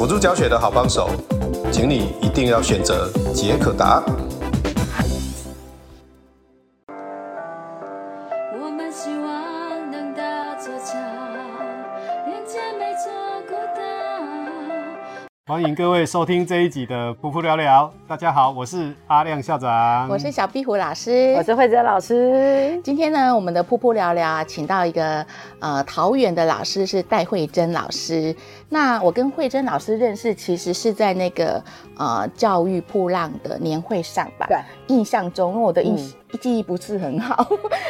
輔助教學的好幫手，請你一定要選擇傑克達。我們希望能搭座橋，連接每座孤島。歡迎各位收聽這一集的《噗噗聊聊》，大家好，我是阿亮校長，我是小壁虎老師，我是惠貞老師。今天呢，我們的《噗噗聊聊》啊，請到一個呃桃園的老師，是戴惠貞老師。那我跟惠貞老師認識，其實是在那個呃教育噗浪的年會上吧。對，印象中，因為我的印、嗯、記憶不是很好，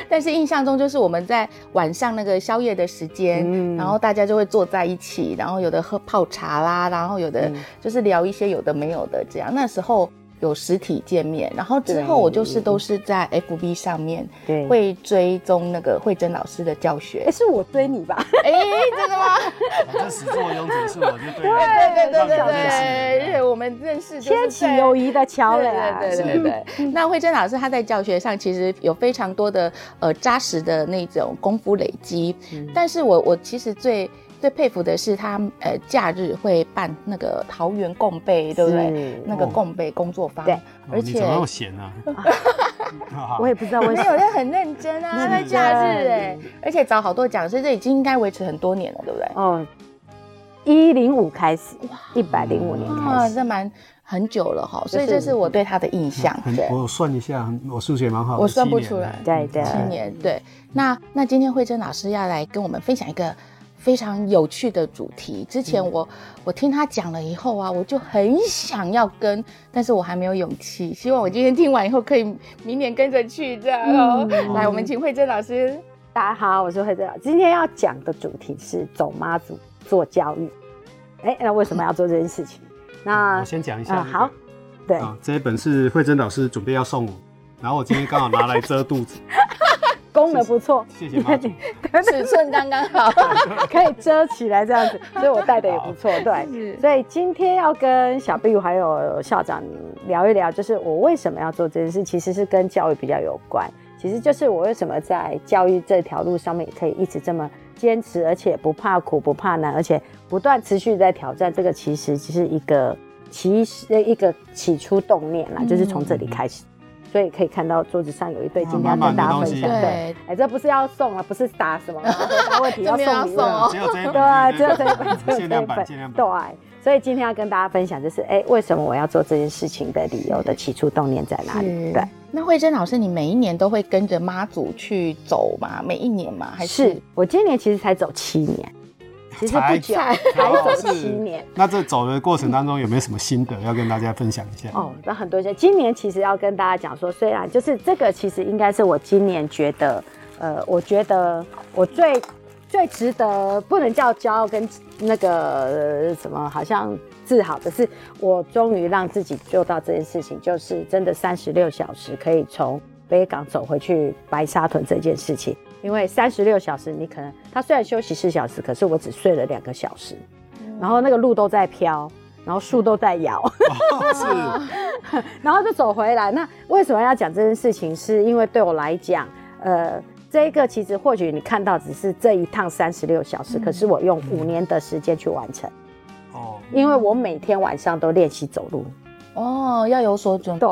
但是印象中就是我們在晚上那個宵夜的時間、嗯，然後大家就會坐在一起，然後有的喝泡茶啦，然後有的就是聊一些有的沒有的這樣。那時候。有實體見面，然後之後我就是都是在 FB 上面，對，會追蹤那個惠貞老師的教學。哎、欸，是我追你吧？哎、欸，真的嗎？反 正、啊、始作俑者是我 就對對對對對對對，對對對嗯、我們認識，牽起友誼的橋梁、啊，對對對，對，對 那惠貞老師她在教學上其實有非常多的呃扎實的那種功夫累積、嗯，但是我我其實最。最佩服的是他，呃，假日會辦那個桃園共備，對不對？那個共備工作坊、哦，對。而且、哦、怎麼閒啊？ 我也不知道為什麼。你有很認真啊，在 假日哎，而且找好多講師，所以這已經應該維持很多年了，對不對？嗯、哦，一零五開始哇，一百零五年開始、哦，這蠻很久了哈。所以這是我對他的印象。就是、對我算一下，我數學蠻好。我算不出來。對對。七年，對，七年對，嗯、那那今天惠貞老師要來跟我們分享一個。非常有趣的主題。之前我我聽他講了以後啊，我就很想要跟，但是我還沒有勇氣。希望我今天聽完以後，可以明年跟着去這樣哦、喔嗯。來哦，我們請惠貞老師。大家好，我是惠貞老師。今天要講的主題是走媽祖做教育。哎、欸，那為什麼要做這件事情？嗯、那、嗯、我先講一下、那個呃。好，對、啊，這一本是惠貞老師準備要送我，然後我今天剛好拿來遮肚子。 功能不錯，謝謝。謝謝，尺寸剛剛好， 可以遮起來這樣子，所以我戴的也不錯。 對，所以今天要跟小 b 還有校長聊一聊，就是我為什麼要做這件事，其實是跟教育比較有關。其實就是我為什麼在教育這條路上面可以一直這麼堅持，而且不怕苦不怕難，而且不斷持續在挑戰，這個其實只是一個其實一個起初動念嘛、嗯，就是從這裡開始。嗯所以可以看到桌子上有一對，今天要跟大家分享、啊。對，哎、欸，這不是要送啊，不是打什麼、啊，沒問題，要送禮物要送、喔、只一個。 對，只有這一對 只，有這一只有這一限量版，對，限量版對，所以今天要跟大家分享，就是哎、欸，為什麼我要做這件事情的理由的起初動念在哪裡？對。那惠貞老師，你每一年都會跟着媽祖去走嗎？每一年嗎？還是，是我今年其實才走七年。其實不久，才，才還走七年那這走的過程當中有沒有什麼心得、嗯、要跟大家分享一下？哦，那很多些。今年其實要跟大家講說，雖然就是這個，其實應該是我今年覺得，呃，我覺得我最最值得不能叫驕傲跟那個、呃、什麼好像自豪的是，我終於讓自己做到這件事情，就是真的三十六小時可以從北港走回去白沙屯這件事情。因為三十六小時，你可能他雖然休息四小時，可是我只睡了兩個小時，嗯，然後那個路都在飄，然後樹都在搖，嗯 哦是啊、 然後就走回來。那為什麼要講這件事情是？是因為對我來講，呃，這一個其實或許你看到只是這一趟三十六小時、嗯，可是我用五年的時間去完成。哦、嗯，因為我每天晚上都練習走路。哦，要有所準備。對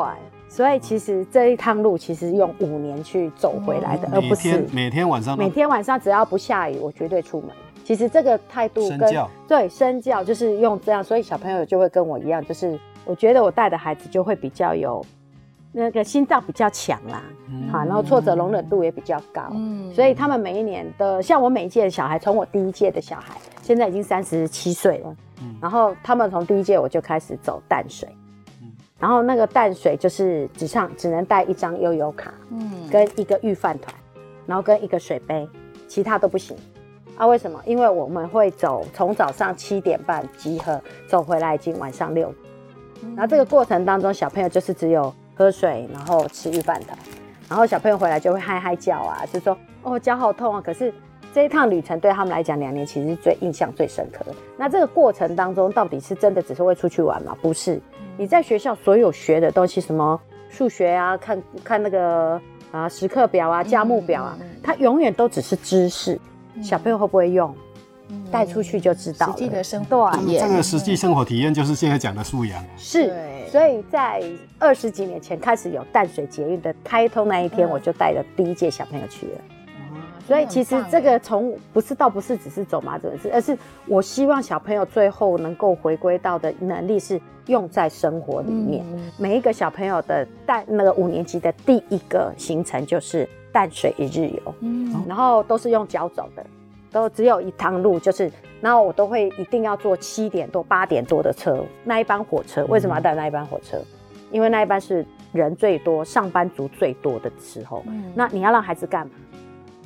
所以其實這一趟路其實用五年去走回來的，而不是每天，每天晚上，每天晚上只要不下雨，我絕對出門。其實這個態度跟對身教就是用這樣，所以小朋友就會跟我一樣，就是我覺得我帶的孩子就會比較有那個心臟比較強啦，好，然後挫折容忍度也比較高。嗯，所以他們每一年的，像我每一屆的小孩，從我第一屆的小孩現在已經三十七歲了，然後他們從第一屆我就開始走淡水。然後那個淡水就是只上只能帶一張悠遊卡，嗯，跟一個御飯團，然後跟一個水杯，其他都不行啊？為什麼？因為我們會走，從早上七點半集合，走回來已經晚上六，然後這個過程當中，小朋友就是只有喝水，然後吃御飯團，然後小朋友回來就會嗨嗨叫啊，就說哦腳好痛啊。可是這一趟旅程對他們來講，兩年其實是最印象最深刻的。那這個過程當中，到底是真的只是會出去玩嗎？不是。你在學校所有學的東西，什麼數學啊，看看那個啊時刻表啊、價目表啊，嗯嗯、它永遠都只是知識、嗯。小朋友會不會用？帶、嗯、出去就知道。實際生這個實際生活體驗就是現在講的素養。是，所以在二十幾年前開始有淡水捷運的開通那一天，嗯、我就帶了第一屆小朋友去了。所以其實這個從不是，倒不是只是走媽祖的事，而是我希望小朋友最後能夠回歸到的能力是用在生活裡面。每一個小朋友的帶那個五年級的第一個行程就是淡水一日遊，然後都是用腳走的，都只有一趟路，就是然後我都會一定要坐七點多八點多的車，那一班火車。為什麼要帶那一班火車？因為那一班是人最多、上班族最多的時候。那你要讓孩子幹嘛？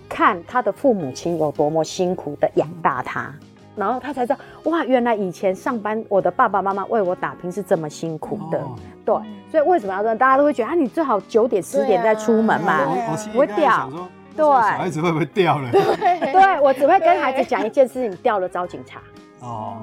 看他的父母親有多麼辛苦的養大他，然後他才知道哇，原來以前上班我的爸爸媽媽為我打拼是這麼辛苦的。哦、對，所以為什麼要這樣？大家都會覺得啊，你最好九點十點再出門嘛，不會、啊啊啊、掉。對，孩子會不會掉了？對，對我只會跟孩子講一件事情，掉了找警察。哦，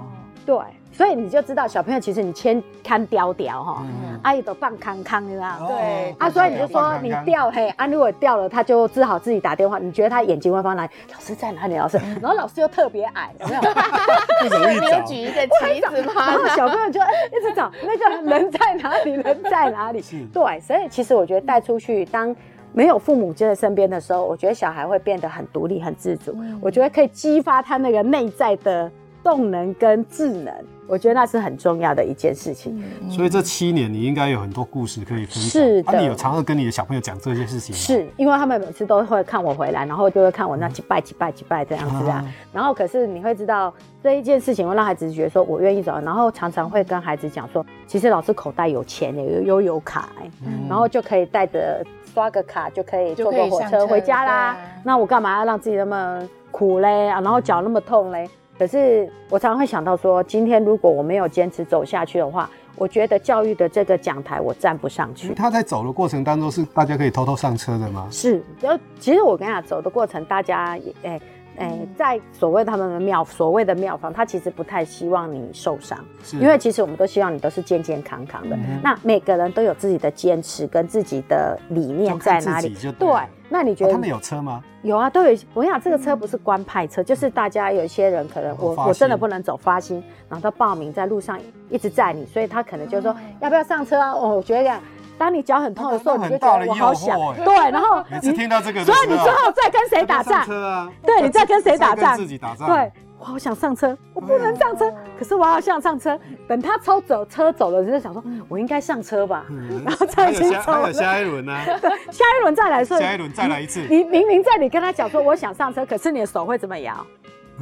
對。所以你就知道小朋友，其實你牽看雕雕哈，阿姨都放康康的啦。對，對肛肛啊，所以你就說你掉肛肛嘿，啊如果掉了，他就只好自己打電話。你覺得他眼睛會放哪裡？老師在哪裡？老師？然後老師又特別矮，沒 有，哈你有舉一個旗子嗎？然後小朋友就一直找那個人在哪裡？人在哪裡？對，所以其實我覺得帶出去，當沒有父母就在身邊的時候，我覺得小孩會變得很獨立、很自主、嗯。我覺得可以激發他那個內在的。動能跟智能，我覺得那是很重要的一件事情。嗯、所以這七年你應該有很多故事可以分享。是的，啊、你有常常跟你的小朋友講這件事情嗎？是，因為他們每次都會看我回來，然後就會看我那幾拜幾拜幾拜這樣子這樣啊。然後可是你會知道這一件事情會讓孩子覺得說，我願意走，然後常常會跟孩子講說、嗯，其實老師口袋有錢也又有，有，有卡、嗯、然後就可以帶着刷個卡就可以坐個火車回家啦。那我幹嘛要讓自己那麼苦嘞、啊？然後腳那麼痛嘞？嗯可是，我常常會想到說，今天如果我沒有堅持走下去的話，我覺得教育的這個講台我站不上去。他在走的過程當中，是大家可以偷偷上車的嗎？是，然後其實我跟你講，走的過程，大家也，哎、欸。欸、在所謂他們的廟，所謂的廟方，他其實不太希望你受傷，因為其實我們都希望你都是健健康康的。嗯、那每個人都有自己的堅持跟自己的理念在哪裡？對，對，那你覺得、啊、他們有車嗎？有啊，都有。我跟你講這個車不是官派車，嗯，就是大家有一些人可能我、哦、我真的不能走發心，然後他報名在路上一直載，你，所以他可能就說，嗯、要不要上車啊？哦、我覺得這樣。當你腳很痛的時候，你就覺得、啊、我好想對，然後你聽到這個時候，所以你最後在跟誰打仗？上車啊！對，你在跟誰打仗？自己打仗。對，我好想上車，我不能上車，哎、可是我好想上車。等他抽走車走了，你就想說，我應該上車吧，嗯、然後再已經下、下一輪呢、啊？下一輪再來一下一輪再來一次。嗯、你明明在，你跟他講說，我想上車， 可是你的手會怎麼搖？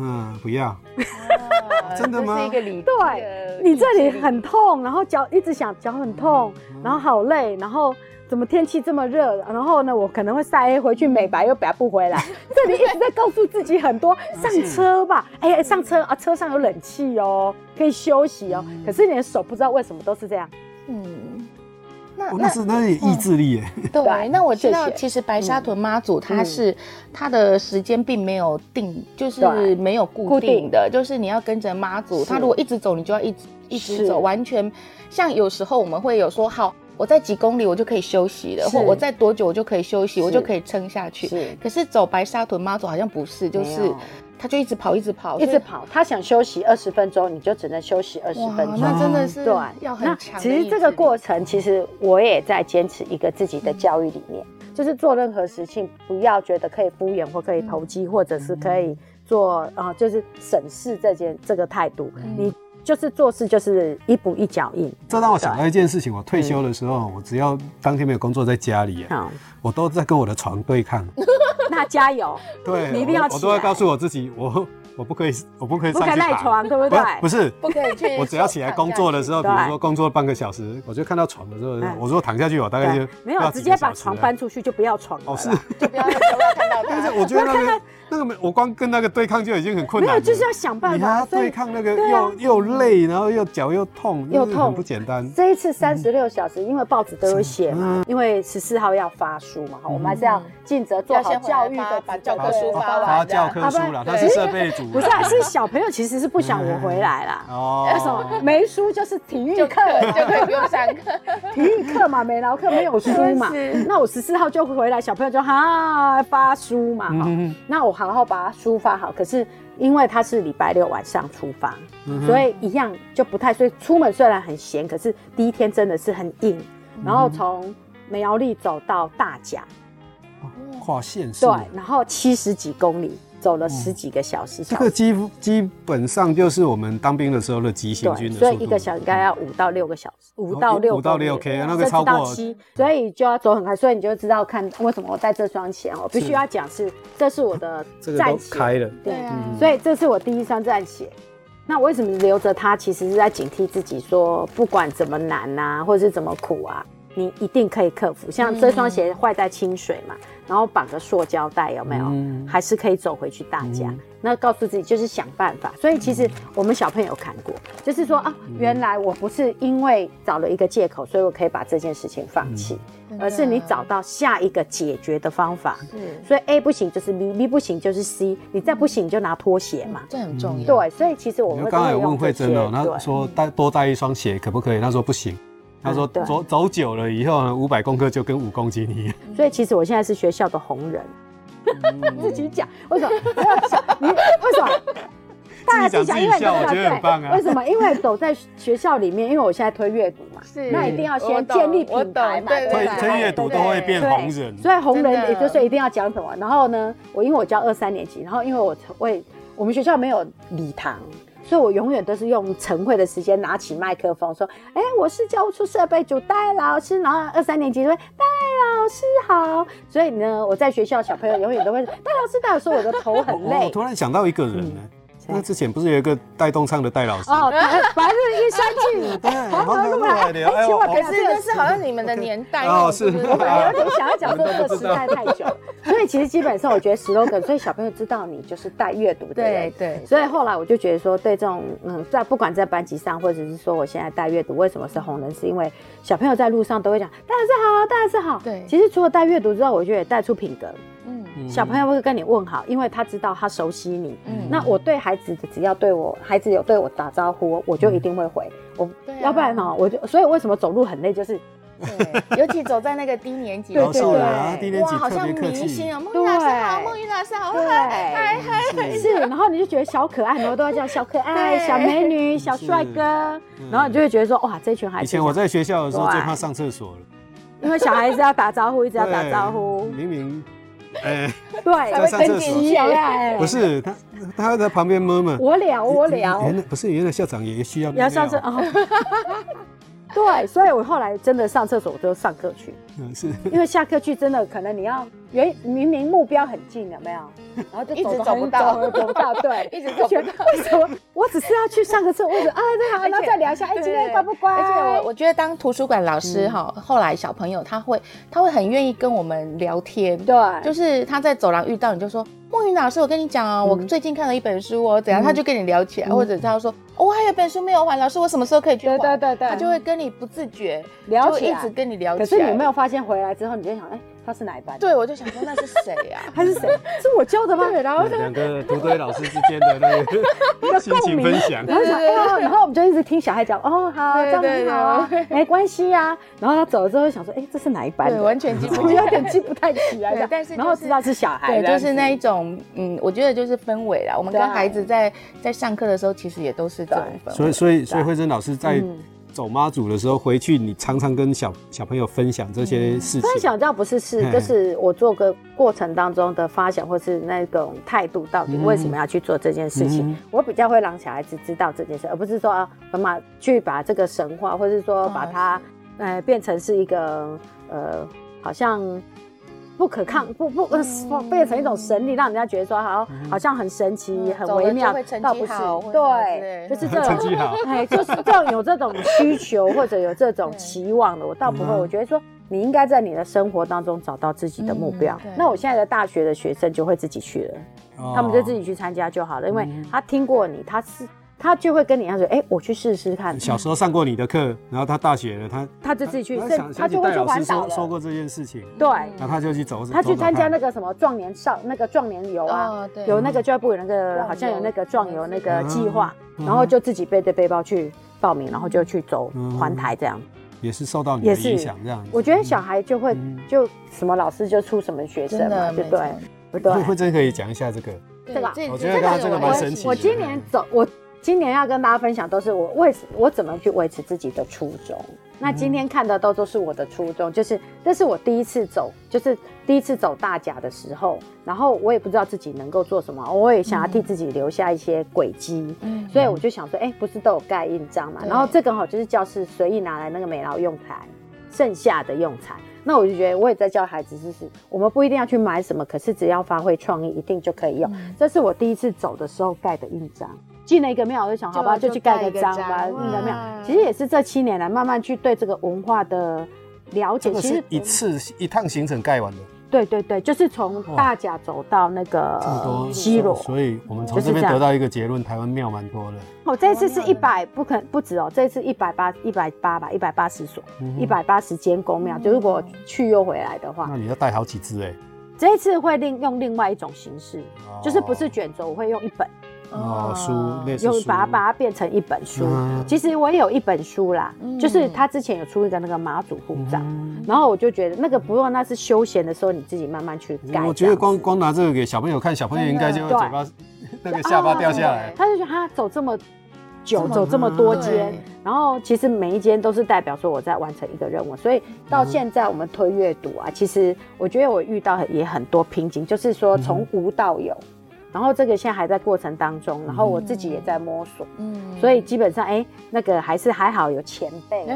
嗯，不要，啊、 真的嗎？就是一個禮，對理，你這裡很痛，然後腳一直想腳很痛，嗯嗯，然後好累，然後怎麼天氣這麼熱？然後呢，我可能會曬黑，回去美白又白不回來。 這裡一直在告訴自己很多， 上車吧，哎、啊欸，上車，嗯，啊，車上有冷氣哦，可以休息哦、嗯。可是你的手不知道為什麼都是這樣，嗯。那，那是那是意志力耶、嗯，對， 對，那我知道，其實白沙屯媽祖她是她的時間並沒有定、嗯嗯，就是沒有固定的，定的就是你要跟着媽祖，她如果一直走，你就要一直一直走，完全像有時候我們會有說，好，我在幾公里我就可以休息了，或我在多久我就可以休息，我就可以撐下去。可是走白沙屯媽祖好像不是，就是。他就一直，一直跑，一直跑，一直跑。他想休息二十分鐘，你就只能休息二十分鐘。哇，那真的是對，要很強。那其實這個過程，其實我也在堅持一個自己的教育理念、嗯，就是做任何事情不要覺得可以敷衍，或可以投機、嗯，或者是可以做啊、呃，就是省事這件這個態度、嗯。你就是做事就是一步一腳印。這讓我想到一件事情：我退休的時候、嗯，我只要當天沒有工作，在家裡，我都在跟我的床對抗， 那加油，對，你一定要我。我都要告訴我自己，我我不可以，我不可以賴床，對不對？不是，不可以去。我只要起來工作的時候， 比如說工作半個小時， 我就看到床的時候，我說躺下去，我大概就沒有，直接把床搬出去，就不要床了。哦，是， 但是我覺得那個 那個，我光跟那個對抗就已經很困難了。沒有，就是要想辦法對、啊、對抗那個又又累，然後又腳又痛又痛，又痛就是、不簡單。這一次三十六小時、嗯，因為報紙都有寫嘛、嗯，因為十四號要發書。嗯、我們還是要盡責做好教育的把把教、啊，把教科書發完教科書了，他是設備組、啊不。不是， 是小朋友其實是不想我回來啦。哦。為什麼？沒書就是體育課就，就可以不用上課。 體育課嘛，美勞課沒有書嘛。嗯、那我十四號就回來，小朋友就哈發、啊、書嘛哈、嗯。那我好好把書發好。可是因為他是禮拜六晚上出發、嗯，所以一樣就不太。所以出門雖然很閒，可是第一天真的是很硬。嗯、然後從。苗栗走到大甲，跨縣市對，然後七十幾公里，走了十幾個小時。嗯、小時這個基基本上就是我們當兵的時候的急行軍所以一個小時應該要五到六個小時，五、嗯、到六五到六、嗯、OK，那個超過七，到 7, 所以就要走很快。所以你就知道看為什麼我帶這雙鞋，我必須要講是,是這是我的戰鞋，啊這個、開了對,對、啊，所以這是我第一雙戰鞋。那為什麼留着它？其實是在警惕自己，說不管怎麼難啊，或者是怎麼苦啊。你一定可以克服，像這雙鞋壞在清水嘛，嗯、然後綁個塑膠帶，有沒有、嗯？還是可以走回去。大家那、嗯、告訴自己就是想辦法。所以其實我們小朋友看過，就是說啊，原來我不是因為找了一個借口，所以我可以把這件事情放棄、嗯，而是你找到下一個解決的方法。嗯、所以 A 不行就是 B，B 不行就是 C，你再不行你就拿拖鞋嘛。嗯嗯、這很重要。對，所以其實我們剛剛有問惠貞哦，那、喔、說帶多帶一雙鞋可不可以？他說不行。他說：“嗯、走走久了以後呢，五百公克就跟五公斤一樣。”所以其實我現在是學校的紅人，嗯、 自己講為什麼不要講你？為什麼？大家自己講，自己笑我覺得很棒啊。為什麼？因為走在學校裡面，因為我現在推閱讀嘛是,那一定要先建立品牌嘛。對對對對對，推推閱讀都會變紅人。所以紅人也就是一定要講什麼？然後呢，我因為我教二三年級，然後因為我為我，我們學校沒有禮堂。所以，我永遠都是用晨會的時間拿起麥克風說：“哎、欸，我是教務處設備組戴老師。”然後二三年級就會，“戴老師好。”所以呢，我在學校小朋友永遠都會說戴老師。戴老師，老師說我的頭很累、哦。我突然想到一個人呢、嗯，那之前不是有一個帶動唱的戴老師哦，白日印象。 欸、好好像、欸欸哎、這麼還，而且我感可是好像你們的年代，okay. 哦，是，是，是、啊，有點想要講說這個時代太久，所以其實基本上我覺得 slogan，所以小朋友知道你就是帶閱讀的人對，對，所以後來我就覺得說，對這種，嗯，在不管在班級上，或者是說我現在帶閱讀，為什麼是紅人，是因為小朋友在路上都會講戴老師好，戴老師好，對，其實除了帶閱讀之外，我覺得也帶出品格。嗯、小朋友會跟你問好，因為他知道他熟悉你。嗯，那我對孩子的只要對我孩子有對我打招呼，我就一定會回。我、啊、要不然呢、喔，我就所以為什麼走路很累，就是對 對對對對，尤其走在那個低年級，對，對對，哇，好像迷信、喔、明星啊、喔，孟雲老師好，孟雲老師好可愛，是，然後你就覺得小可愛，很多都要叫小可愛、小美女、小帥哥，然後你就會覺得說，哇，這群孩子。以前我在學校的時候最怕上廁所了， 因為小孩子要打招呼，一直要打招呼，明明。哎、欸，對，很緊哎，不是他，他在旁邊摸嘛。我聊，我聊。原來不是，原來校長也需要你聊。要上次哦。 對，所以我後來真的上廁所我都上課去，嗯，是因為下課去真的可能你要原明明目標很近有沒有，然後就走 一直走不到走走，走，走不到，對， 一直走不覺得為什麼？我只是要去上個廁所，我就啊，對啊，那再聊一下，哎，對對對，今天乖不乖？而且我我覺得當圖書館老師哈、嗯，後來小朋友他會他會很願意跟我們聊天，對，就是他在走廊遇到你就說。夢雲老師，我跟你講啊、喔，我最近看了一本書哦、喔，怎樣、嗯？他就跟你聊起來，嗯、或者他說我、哦、還有本書沒有還，老師，我什麼時候可以去還？對，對對對，他就會跟你不自覺聊起來，就一直跟你聊起來，可是你有沒有發現，回來之後你就想，哎、欸。他是哪一班？對，我就想說那是誰呀、啊？他 是誰？是我教的嗎？然後兩個團隊老師之間的那個一個心情分享然，對對對對、欸。然後我們就一直聽小孩講哦，好這樣好、啊、沒關係呀、啊。 然後他走了之後就想說哎、欸、這是哪一班？對，完全記不，有點記不太起來但是，就是、然後知道是小孩對，就是那一種嗯，我覺得就是氛圍啦。我們跟孩子在、啊、在上課的時候其實也都是這種氛圍。所以所以所以惠貞老師在。嗯走媽祖的時候回去，你常常跟小小朋友分享這些事情、嗯。嗯、分享倒不是事，就是我做個過程當中的發想，或是那種態度，到底為什麼要去做這件事情、嗯？嗯、我比較會讓小孩子知道這件事，嗯嗯，而不是說媽媽去把這個神話，或是說把它、嗯、呃變成是一個呃好像。不可抗不不、呃嗯、變成一種神力，讓人家覺得說好，好像很神奇、嗯、很微妙。倒不是對，對，就是這種。種，哎，就是這種有這種需求 或者有這種期望的，我倒不會。嗯啊、我覺得說你應該在你的生活當中找到自己的目標、嗯。那我現在的大學的學生就會自己去了，哦、他們就自己去參加就好了，因為他聽過你，嗯、他是。他就會跟你一樣說：“哎、欸，我去試試看。”小時候上過你的課，然後他大學了，他他就自己去，他就會去環島了，想起戴老師說。說過這件事情，對，那、嗯、他就去走、嗯、走走，他去參加那個什麼壯年少，那個壯年遊啊、哦對，有那個教育部有那個、嗯、好像有那個壯遊那個計劃、嗯，然後就自己背着背包去報名，然後就去走環台這樣、嗯。也是受到你的影響這樣。我覺得小孩就會、嗯、就什麼老師就出什麼學生嘛，真對不對？會、啊、真可以講一下這個？對吧？我覺得這個這個蠻神奇我。我今年走我。今年要跟大家分享都是我為什我怎麼去維持自己的初衷。那今天看的都都是我的初衷、嗯，就是這是我第一次走，就是第一次走大甲的時候，然後我也不知道自己能夠做什麼，我也想要替自己留下一些軌跡。嗯。所以我就想說，哎、欸，不是都有蓋印章嘛、嗯？然後這個好就是教室隨意拿來那個美勞用材剩下的用材，那我就覺得我也在教孩子，就是我們不一定要去買什麼，可是只要發揮創意，一定就可以用、嗯。這是我第一次走的時候蓋的印章。進了一個廟，我就想，好吧，就去蓋個章,個章吧。印個廟，其實也是這七年來慢慢去對這個文化的了解。這個、是一其實一次、嗯、一趟行程蓋完的。對對對，就是從大甲走到那個、哦呃、西螺、嗯嗯，所以我們從這邊得到一個結論、就是：台灣廟蠻多的。哦、喔，這一次是一百，不可不止哦，這一次一百八，一百八吧，一百八十所，一百八十間宮廟。就如果去又回來的話，嗯、那你要帶好幾只哎、欸。這一次會另用另外一種形式，哦、就是不是卷軸，我會用一本。哦，書，書有把它把它變成一本書、嗯。其實我也有一本書啦，嗯、就是他之前有出一個那個媽祖護照、嗯，然後我就覺得那個，不用，那是休閒的時候，你自己慢慢去幹、嗯。我覺得光光拿這個給小朋友看，小朋友應該就會嘴巴 那個下巴掉下來、哦。他就覺得他走這麼久，這麼走這麼多間、嗯，然後其實每一間都是代表說我在完成一個任務，所以到現在我們推閱讀啊、嗯，其實我覺得我遇到也很多瓶頸，就是說從無到有。嗯然後這個現在還在過程當中，然後我自己也在摸索，嗯，所以基本上哎、欸，那個還是還好有前輩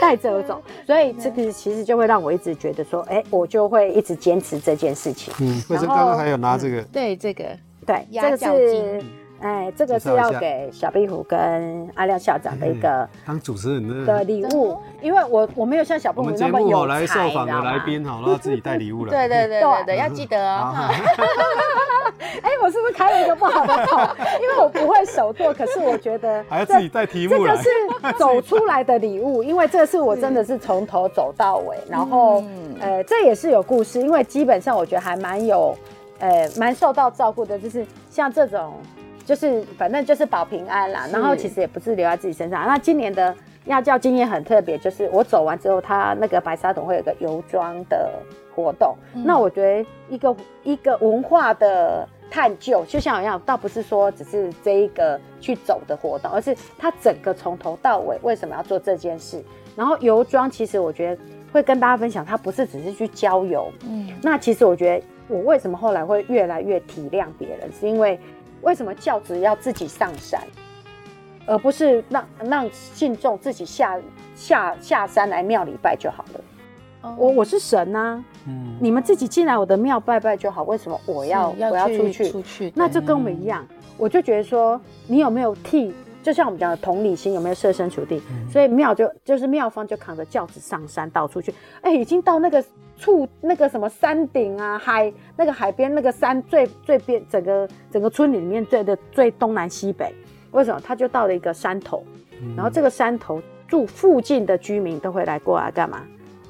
帶着我走，所以這個其實就會讓我一直覺得說，哎、欸，我就會一直堅持這件事情。嗯，然後或者剛剛還有拿這個，嗯、對這個，對，這個是哎，這個是、欸這個、是要給小壁虎跟阿亮校長的一個、哎、當主持人的、的禮物的，因為我我沒有像小壁虎那麼有才，然我好來，受訪的來賓哈都要自己帶禮物， 對對對對對， 對要記得啊、哦。 是不是開了一個不好的口？ 因為我不會手做，可是我覺得還要自己帶題目，這就是走出來的禮物，因為這次我真的是從頭走到尾，然後、嗯、呃，這也是有故事，因為基本上我覺得還蠻有，蠻、呃、受到照顧的，就是像這種，就是反正就是保平安啦。然後其實也不是留在自己身上。那今年的亞教經驗很特別，就是我走完之後，他那個白沙屯會有個遊莊的活動、嗯。那我覺得一個一個文化的。探究，就像我一樣，倒不是說只是這一個去走的活動，而是它整個從頭到尾為什麼要做這件事。然後遊莊其實我覺得會跟大家分享，它不是只是去郊遊。嗯，那其實我覺得我為什麼後來會越來越體諒別人，是因為為什麼轎子要自己上山，而不是讓讓信眾自己下下下山來廟裡拜就好了？哦、我我是神吶、啊。嗯，你們自己進來我的廟拜拜就好，為什麼我要，要我要出去？出去，那就跟我們一樣、嗯。我就覺得說，你有沒有替，就像我們講的同理心，有沒有設身處地、嗯？所以廟就就是廟方就扛着轎子上山，到處去。哎、欸，已經到那個處那個什麼山頂啊，海那個海邊那個山最最邊整個整個村裡面最的最東南西北。為什麼？他就到了一個山頭，然後這個山頭、嗯、住附近的居民都會來過來幹嘛？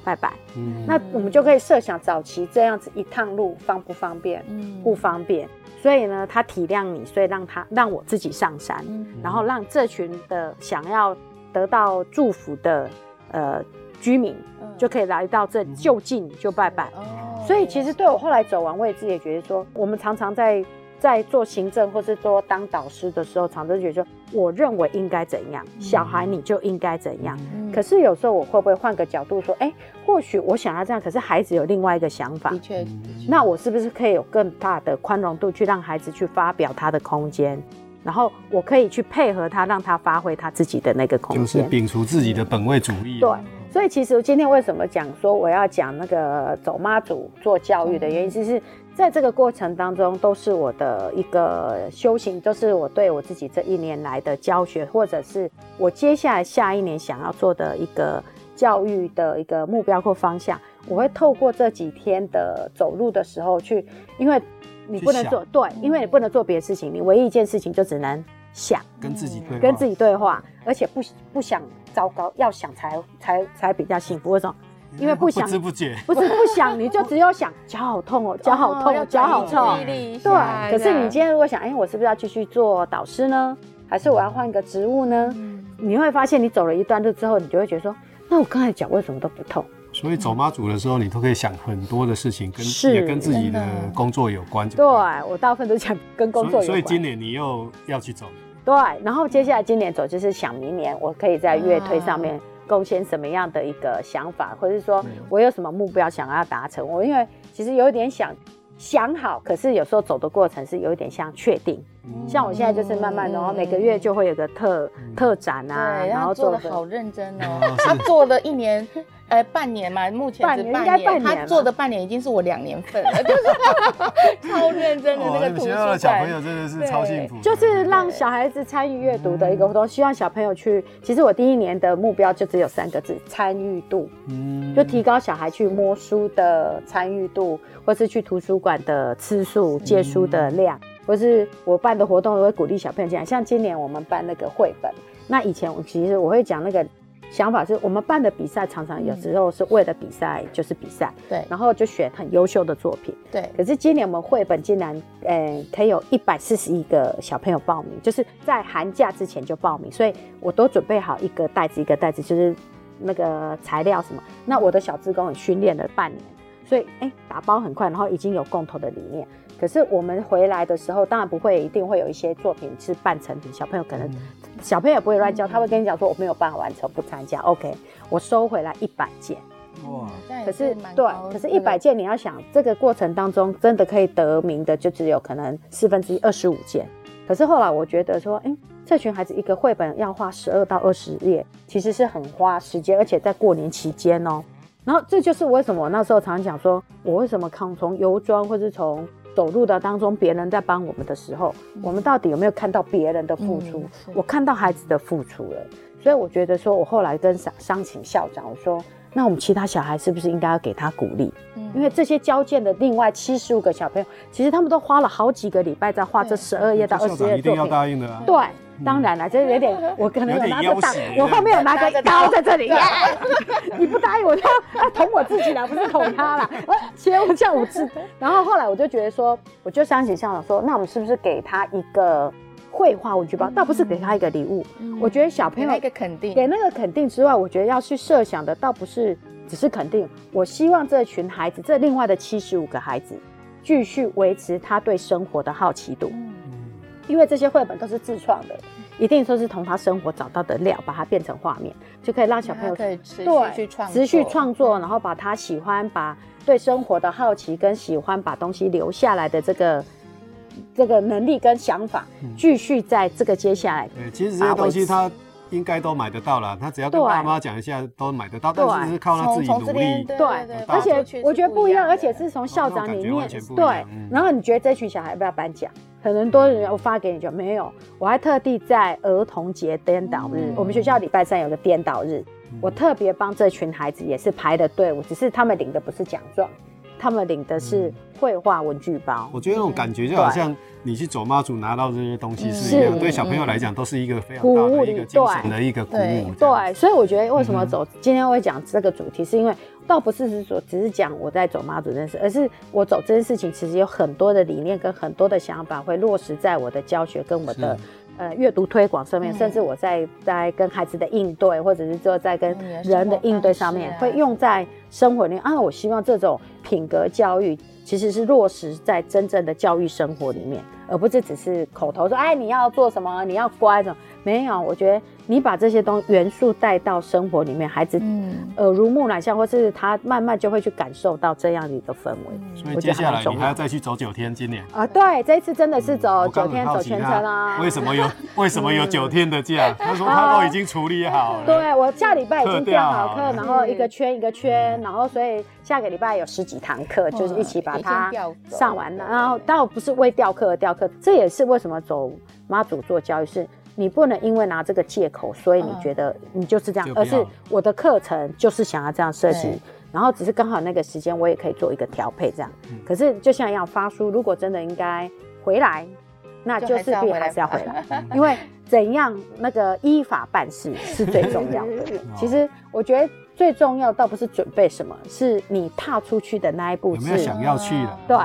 拜拜。嗯，那我們就可以設想早期這樣子一趟路方不方便？嗯，不方便。所以呢，他體諒你，所以讓他讓我自己上山、嗯嗯，然後讓這群的想要得到祝福的呃居民就可以來到這就近就拜拜。哦、嗯，所以其實對我後來走完，我也自己也覺得說，我們常常在在做行政或者做當導師的時候，常常覺得說。我認為應該怎樣，小孩你就應該怎樣、嗯。可是有時候我會不會換個角度說，哎、嗯欸，或許我想要這樣，可是孩子有另外一個想法。的確，那我是不是可以有更大的寬容度，去讓孩子去發表他的空間，然後我可以去配合他，讓他發揮他自己的那個空間，就是摒除自己的本位主義。對，所以其實今天為什麼講說我要講那個走媽祖做教育的原因，其實是。在這個過程當中，都是我的一個修行，就是我對我自己這一年來的教學，或者是我接下來下一年想要做的一個教育的一個目標或方向。我會透過這幾天的走路的時候去，因為你不能做對，因為你不能做別的事情，你唯一一件事情就只能想跟自己對，跟自己對話，對話嗯、而且不不想糟糕，要想才才才比較幸福。為什、嗯、麼？因為不想，嗯、不，不，不是不想，你就只有想腳好痛、喔腳好痛喔、哦，腳好痛、喔，腳好痛。對想想，可是你今天如果想，哎、欸，我是不是要繼續做導師呢？還是我要換個職務呢、嗯？你會發現，你走了一段路之後，你就會覺得說，那我剛才腳為什麼都不痛？所以走媽祖的時候，你都可以想很多的事情，跟也跟自己的工作有關對對，我大部分都想跟工作有關所所以今年你又要去走。對，然後接下來今年走就是想明年我可以在月推上面、嗯，貢獻什麼樣的一個想法，或者是說我有什麼目標想要達成？我因為其實有一點想想好，可是有時候走的過程是有一點像確定。像我現在就是慢慢的，然後每個月就會有個特、嗯、特展啊，然後做的，他做得好認真哦。 他做了一年，呃，半年嘛，目前是半年應該半年，應該半年嘛。他做的半年已經是我兩年份了， 就是超認真的那個圖書館。我們學校、哦、小朋友真的是超幸福，就是讓小孩子參與閱讀的一個活動、嗯。希望小朋友去，其實我第一年的目標就只有三個字：參與度。嗯，就提高小孩去摸書的參與度、嗯，或是去圖書館的次數、借書的量。就是我辦的活動，我會鼓勵小朋友進來。像今年我們辦那個繪本，那以前我其實我會講那個想法，是我們辦的比賽常常有時候是為了比賽就是比賽，對、嗯，然後就選很優秀的作品，對。可是今年我們繪本竟然，呃，可以有一百四十一個小朋友報名，就是在寒假之前就報名，所以我都準備好一個袋子一個袋子，就是那個材料什麼。那我的小志工也訓練了半年。所以、欸，打包很快，然後已經有共同的理念。可是我們回來的時候，當然不會一定會有一些作品是半成品。小朋友可能，嗯、小朋友不會亂交、嗯，他會跟你講說、嗯、我沒有辦法完成，不參加、嗯。OK，我收回來一百件。哇、嗯嗯，可是、是對，可是一百件，你要想這個過程當中真的可以得名的，就只有可能四分之一二十五件。可是後來我覺得說，哎、欸，這群孩子一個繪本要畫十二到二十頁，其實是很花時間，而且在過年期間哦。然後這就是為什麼我那時候常常講說，我為什麼抗從遊莊，或是從走路的當中，別人在幫我們的時候，我們到底有沒有看到別人的付出？我看到孩子的付出了，所以我覺得說，我後來跟商商請校長，我說，那我們其他小孩是不是應該要給他鼓勵？因為這些交件的另外七十五個小朋友，其實他們都花了好幾個禮拜在畫這十二頁到二十頁作品，一定要答應的啊。對。嗯、當然了，就是有點， 我可能有拿個大，我後面有拿個刀在這裡。 對 你不答應我，我就要捅我自己了，不是捅他了、 啊。切我，像我自。然後後來我就覺得說，我就相信校長說，那我們是不是給他一個繪畫文具包？嗯、倒不是給他一個禮物，嗯、我覺得小朋友那個肯定，給那個肯定之外，我覺得要去設想的，倒不是只是肯定。我希望這群孩子，這另外的七十五個孩子，繼續維持他對生活的好奇度。嗯因為這些繪本都是自創的，一定說是從他生活找到的料，把它變成畫面，就可以讓小朋友可以持續去創作，持續創作、嗯，然後把他喜歡、把對生活的好奇跟喜歡把東西留下來的這個這個能力跟想法，繼續在這個接下來、嗯對。其實這些東西它。應該都買得到了，他只要跟爸媽講一下都買得到，對但只是，是靠他自己努力。對對，對，對，而對，對，對，而且我覺得不一樣，而且是從校長裡面、哦。對，然後你覺得這群小孩要不要頒獎、嗯？可能多人我發給你就沒有，我還特地在兒童節顛倒日、嗯，我們學校禮拜三有個顛倒日，嗯，我特別幫這群孩子也是排的隊伍，只是他們領的不是獎狀，他們領的是繪畫文具包、嗯。我覺得那種感覺就好像。嗯你去走媽祖拿到這些東西是一樣是、嗯，對小朋友來講都是一個非常大的一個精神的一個鼓舞對對。對，所以我覺得為什麼走今天我會講這個主題，是因為倒不是只說只是講我在走媽祖這件事，而是我走這件事情其實有很多的理念跟很多的想法會落實在我的教學跟我的。呃，閱讀推廣上面，嗯，甚至我在在跟孩子的應對，或者是說在跟人的應對上面，嗯，會用在生活裡面。啊，我希望這種品格教育其實是落實在真正的教育生活裡面。而不是只是口頭說，哎，你要做什麼，你要乖，這麼沒有。我覺得你把這些東西元素帶到生活裡面，孩子耳濡、嗯呃、目染下，或是他慢慢就會去感受到這樣的一個氛圍。所以接下來我還，你還要再去走九天，今年啊，對，這一次真的是走、嗯、九天走全程啊。為什麼有 為什麼有九天的假、嗯？他說他都已經處理好、啊。對我下禮拜已經調好課，然後一個圈、嗯、一個圈、嗯，然後所以。下個禮拜有十幾堂課、嗯，就是一起把它上完了。然後倒不是為調課而調課，這也是為什麼走媽祖做教育，是你不能因為拿這個借口，所以你覺得你就是這樣，嗯、而是我的課程就是想要這樣設計，然後只是剛好那個時間我也可以做一個調配這樣、嗯。可是就像要發書，如果真的應該回來，那就勢、是、必還是要回來，要回來、嗯，因為怎樣那個依法辦事是最重要的。嗯、 其實我覺得。最重要倒不是準備什麼，是你踏出去的那一步是有沒有想要去的，對，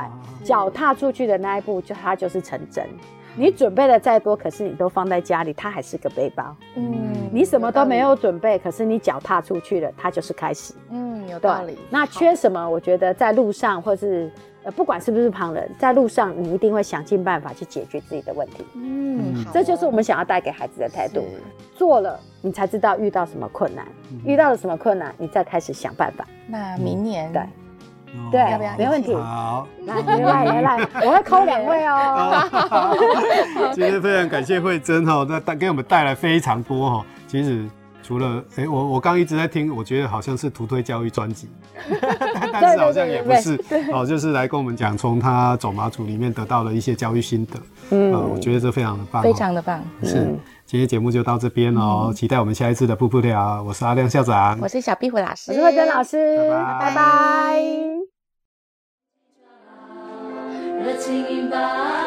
腳、嗯、踏出去的那一步，就它就是成真、嗯。你準備的再多，可是你都放在家裡，它還是個背包。嗯，你什麼都沒有準備，可是你腳踏出去了，它就是開始。嗯，有道理。那缺什麼？我覺得在路上或是。不管是不是旁人，在路上你一定會想盡辦法去解決自己的問題。嗯，好哦、這就是我們想要帶給孩子的態度。做了，你才知道遇到什麼困難、嗯，遇到了什麼困難，嗯，遇到了什麼困難，你再開始想辦法。那明年對、哦，對，要不要？沒問題。好，來來來，來來 我會 call 兩位哦。 好好 其實非常感謝惠貞哈，那、喔、帶給我們帶來非常多哈、喔。其實。除了哎、欸，我我剛一直在聽，我覺得好像是圖推教育專輯，但 但是好像也不是，對對對對哦，就是來跟我們講從他走媽祖裡面得到了一些教育心得。嗯、呃，我覺得這非常的棒，哦，非常的棒。是，嗯、今天節目就到這邊哦，嗯，期待我們下一次的噗噗聊。我是阿亮校長，我是小壁虎老師，我是惠貞老師，拜拜。拜拜。